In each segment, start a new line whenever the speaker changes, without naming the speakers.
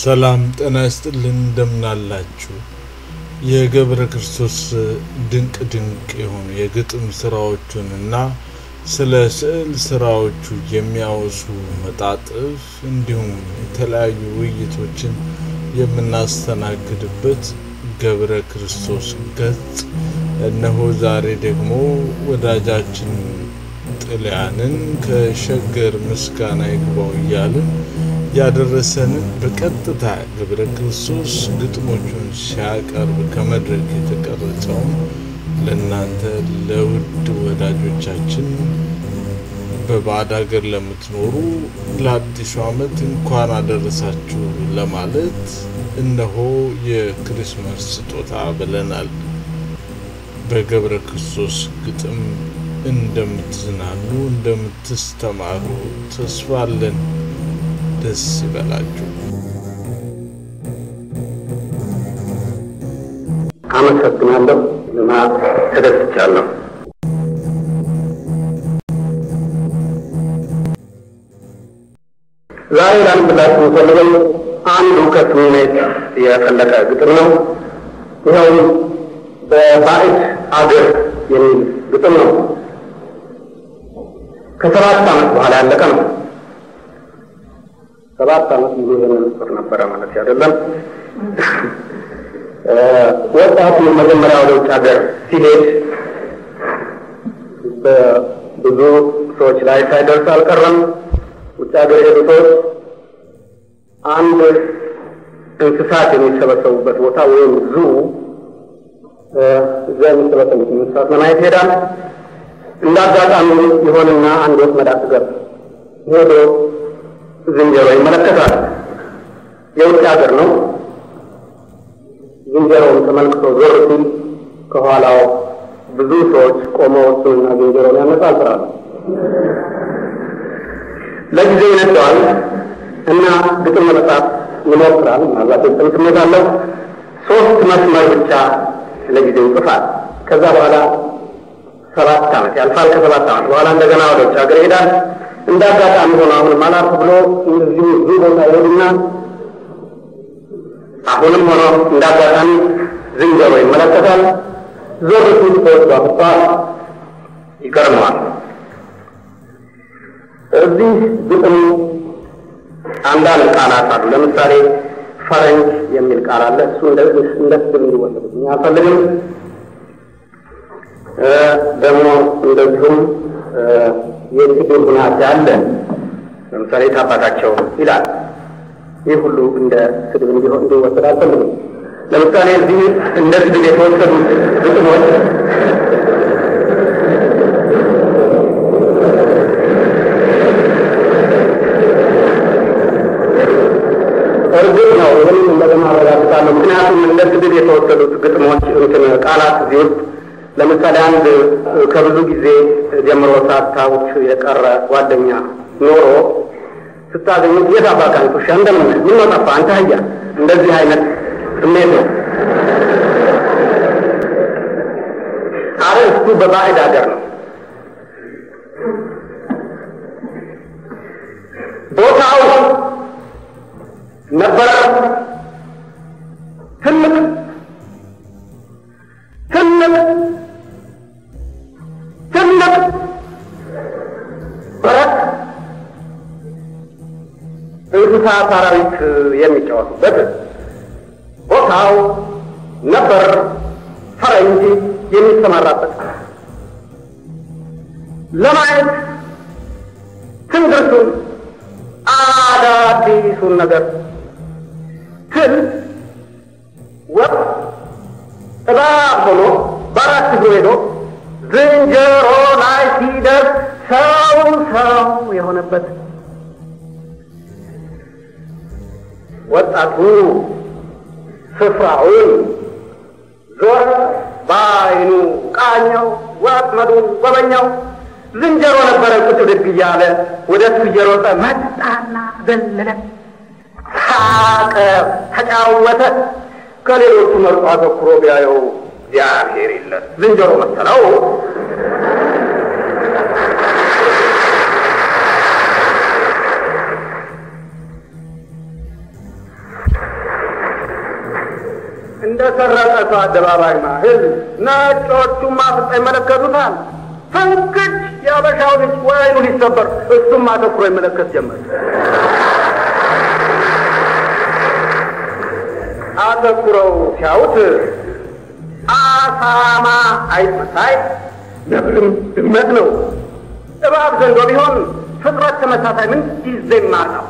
ሰላም ጤና ይስጥልን፣ እንደምናላችሁ የገብረ ክርስቶስ ድንቅ ድንቅ የሆኑ የግጥም ስራዎቹን እና ስለ ስዕል ስራዎቹ የሚያወሱ መጣጥፍ እንዲሁም የተለያዩ ውይይቶችን የምናስተናግድበት ገብረ ክርስቶስ ገጽ እነሆ። ዛሬ ደግሞ ወዳጃችን ጥልያንን ከሸገር ምስጋና ይግባው እያልን ያደረሰንን በቀጥታ ገብረ ክርስቶስ ግጥሞቹን ሲያቀርብ ከመድረክ የተቀረጸውን ለእናንተ ለውድ ወዳጆቻችን በባዕድ ሀገር ለምትኖሩ ለአዲሱ ዓመት እንኳን አደረሳችሁ ለማለት እነሆ የክሪስማስ ስጦታ ብለናል። በገብረ ክርስቶስ ግጥም እንደምትዝናኑ እንደምትስተማሩ ተስፋ አለን። ደስ ይበላችሁ።
አመሰግናለሁ። ልማት ተደስቻለሁ። ዛሬ ላንብላችሁ የምፈልገው የፈለቀ ግጥም ነው። ይኸውም በባዕድ አገር የሚል ግጥም ነው። ከሰባት ዓመት በኋላ ያለቀ ነው። ሰባት ዓመት ሙሉ ይሄንን ቁጥር ነበረ ማለት አይደለም። ወጣቱ መጀመሪያ ወደ ውጭ ሀገር ሲሄድ በብዙ ሰዎች ላይ ሳይደርስ አልቀረም። ውጭ ሀገር የሄዱ ሰዎች አንድ እንስሳት የሚሰበሰቡበት ቦታ ወይም ዙ እዚያ የሚሰበሰቡት እንስሳት ለማየት ይሄዳል። እንዳጋጣሚ ይሆንና አንድ ወጥ መዳት ገብ ሄዶ ዝንጀሮ ይመለከታል። የውጭ ሀገር ነው። ዝንጀሮውን ተመልክቶ ዞር ሲል ከኋላው ብዙ ሰዎች ቆመው እሱንና ዝንጀሮውን ያነጻጽራሉ። ለጊዜው ይነደዋል እና ግጥም መጻፍ ይሞክራል። ምናልባት የግጥም ስሜት አለው። ሶስት መስመር ብቻ ለጊዜው ይጽፋል። ከዛ በኋላ ሰባት ዓመት ያልፋል። ከሰባት ዓመት በኋላ እንደገና ወደ ውጭ ሀገር ይሄዳል። እንደ አጋጣሚ ሆኖ አሁንም አላርፍ ብሎ እዚሁ እዚህ ቦታ ይሄድና አሁንም ሆኖ እንደ አጋጣሚ ዝንጀሮ ይመለከታል። ዞር ሲል በወዷ ፍቷ ይገርመዋል። እዚህ ግጥም አንዳንድ ቃላት አሉ። ለምሳሌ ፈረንጅ የሚል ቃል አለ። እሱ እንደ ስድብ እንዲወሰድብኝ አልፈልግም። ደግሞ እንደዚሁም የግድር ሁናት አለ። ለምሳሌ ታባታቸው ይላል። ይህ ሁሉ እንደ ስድብ እንዲሆን እንዲወሰድ አልፈልግም። ለምሳሌ እዚህ እንደ ስድብ የተወሰዱት ጥቅሞች እርግጥ ነው ይህም ምክንያቱም እንደ ስድብ የተወሰዱት ግጥሞች እንትን ቃላት እዚህ ውስጥ ለምሳሌ አንድ ከብዙ ጊዜ ጀምሮ ሳታውች የቀረ ጓደኛ ኖሮ ስታገኙ የት አባካን ቱሻ እንደምን ምን ጠፋ አንተ አያ እንደዚህ አይነት ስሜት ነው። አርእስቱ በባዕድ ሀገር ነው። ቦታው ነበረ የእንስሳ ሰራዊት የሚጫወቱበት ቦታው ነበር ፈረንጅ የሚሰማራበት። ለማየት ትንግርቱን አዳዲሱን ነገር ትል ወቅ እባብ ሆኖ በአራት እግሩ ሄዶ ዝንጀሮ ላይ ሲደርስ ሰው ሰው የሆነበት ወጣቱ ስፍራውን ዞረ፣ በዓይኑ ቃኘው፣ ወጥመዱ ጎበኛው ዝንጀሮ ነበረ ቁጭ ብድግ እያለ ወደ እሱ እየሮጠ መጣና ዘለለ፣ ሳቀ፣ ተጫወተ። ከሌሎቹ መርጦ አተኩሮ ቢያየው እግዚአብሔር የለም ዝንጀሮ መሰለው። የተቀረጸ ሰው አደባባይ ማህል ነጮቹም አፍጣ ይመለከቱታል። ፍንክች የአበሻው ልጅ ወይኑ ሊሰበር እሱም አተኩሮ ይመለከት ጀመር። አተኩረው ሲያዩት አሳማ አይመሳይ ነብርም ድመት ነው። እባብ ዘንዶ ቢሆን ፍጥረት ተመሳሳይ ምን ጊዜ ማጣው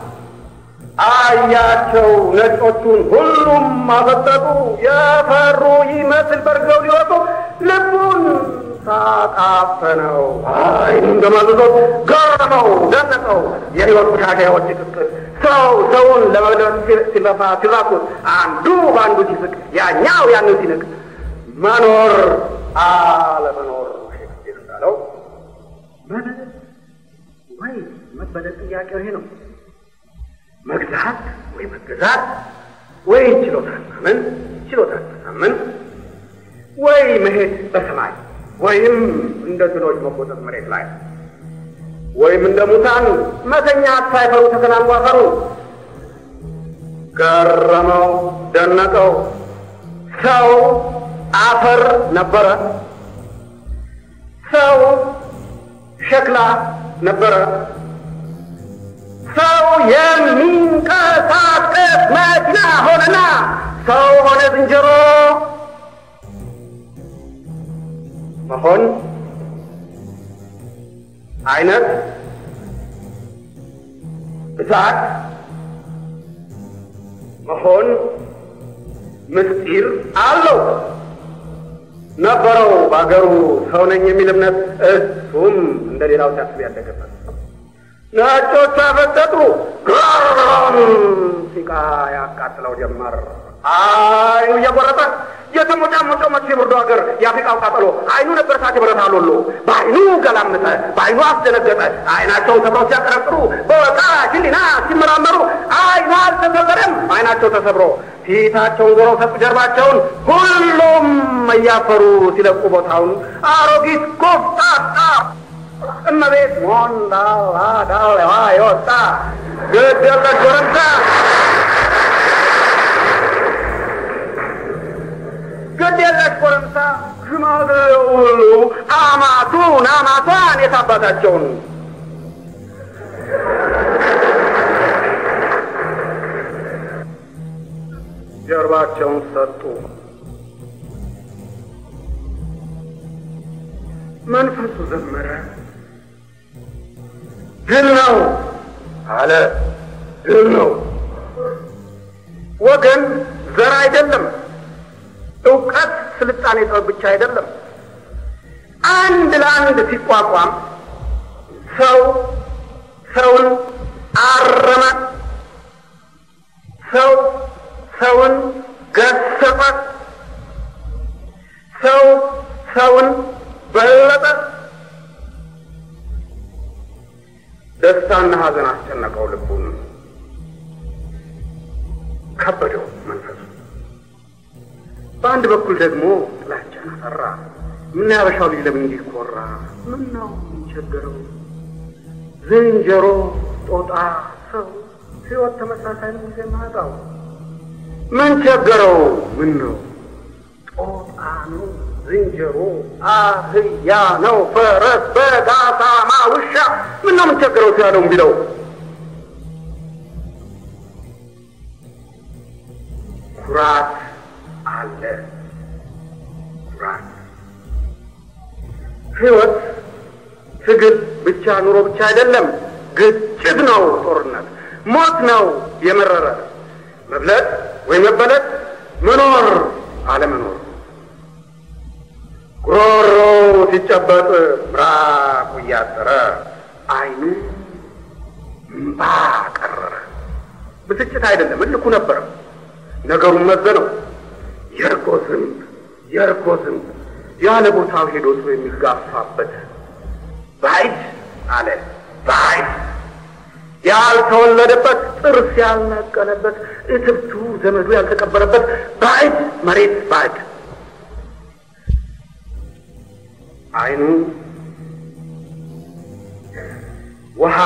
አያቸው ነጮቹን፣ ሁሉም አፈጠጡ። የፈሩ ይመስል በርገው ሊወጡ ልቡን ታጣፈነው፣ ዓይኑን ገመዝዞት ገረመው፣ ደነቀው። የሕይወት ቡሻሻዎች ቅቅል ሰው ሰውን ለመግደል ሲለፋ ሲራኩት፣ አንዱ በአንዱ ሲስቅ፣ ያኛው ያንን ሲንቅ፣ መኖር አለመኖር ሼክስፒር እንዳለው መበደል ወይ መበደል ጥያቄው ይሄ ነው። መግዛት ወይ መገዛት ወይ ችሎታ ማመን ችሎታ ማመን ወይ መሄድ በሰማይ ወይም እንደ ድሎች መቆጠር መሬት ላይ ወይም እንደ ሙታን መተኛ ሳይፈሩ ተከናንቧ ገረመው ደነቀው ሰው አፈር ነበረ። ሰው ሸክላ ነበረ። ሰው የሚንቀሳቀስ መኪና ሆነና ሰው ሆነ ዝንጀሮ መሆን አይነት ብዛት መሆን ምስጢር አለው። ነበረው በአገሩ ሰው ነኝ የሚል እምነት እሱም እንደ ሌላው ሲያስብ ያደገበት ነጮች አፈጠጡ። ሲቃ ያቃጥለው ጀመር። አይኑ እየቆረጠ የተሞጫሞጨው መቼ ብርዶ ሀገር የአፍሪቃው ቃጠሎ አይኑ ነበር ሳት ብረት አሎሎ በአይኑ ገላምጠ፣ በአይኑ አስደነገጠ። አይናቸውን ሰብረው ሲያቀረቅሩ በወጣ ሽሊና ሲመራመሩ አይኑ አልተሰበረም። አይናቸው ተሰብሮ ፊታቸውን ዞረው ሰጡ ጀርባቸውን። ሁሉም እያፈሩ ሲለቁ ቦታውን አሮጊት ኮፍጣጣ እመቤት ሞን ዳዋ የወጣ ገደለ ጎረምሳ ገደለች ጎረምሳ ሽማግሌው አማቱን አማቷን የት ጀርባቸውን ሰጡ። መንፈሱ ዘመረ። ግን ነው አለ። ግን ነው ወገን፣ ዘር አይደለም፣ እውቀት ስልጣኔ ጥበብ ብቻ አይደለም። አንድ ለአንድ ሲቋቋም ሰው ሰውን በአንድ በኩል ደግሞ ጥላቻን አፈራ። ምን ያበሻው ልጅ ለምን እንዲህ ኮራ? ምን ነው የሚቸገረው? ዝንጀሮ፣ ጦጣ፣ ሰው ሕይወት ተመሳሳይ ነው ጊዜ ማጣው ምን ቸገረው? ምን ነው ጦጣ ነው ዝንጀሮ፣ አህያ ነው ፈረስ፣ በግ፣ አሳማ፣ ውሻ ምን ነው የምንቸገረው? ቸገረው ሲያለው ቢለው ኩራት ህይወት ትግል ብቻ ኑሮ ብቻ አይደለም፣ ግጭት ነው፣ ጦርነት ሞት ነው። የመረረ መብለጥ ወይ መበለጥ፣ መኖር አለመኖር፣ ጉሮሮ ሲጨበጥ ምራቁ እያጠረ አይኑ እምባ ቀረረ። ብስጭት አይደለም፣ እልኩ ነበረ ነገሩን መዘነው። የእርጎ ዝንብ የእርጎ ዝንብ ያለ ቦታው ሄዶ ሰው የሚጋፋበት ባይድ አለ ባይድ ያልተወለደበት ጥርስ ያልነቀለበት እትብቱ ዘመዱ ያልተቀበረበት ባዕድ መሬት ባዕድ አይኑ ውሃ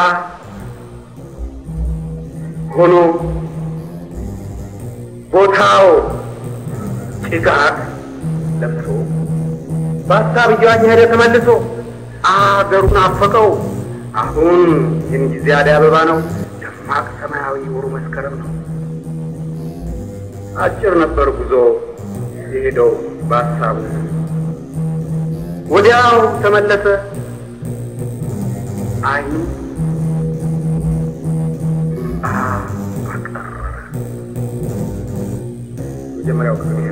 ሆኖ ቦታው ጭጋግ ለብሶ በሀሳብ እየዋኘ ሄደ ተመልሶ አገሩን አፈቀው። አሁን ይህን ጊዜ አደይ አበባ ነው፣ ደማቅ ሰማያዊ ወሩ መስከረም ነው። አጭር ነበር ጉዞ የሄደው በሀሳቡ ወዲያው ተመለሰ። አይኑ አቀረረ መጀመሪያው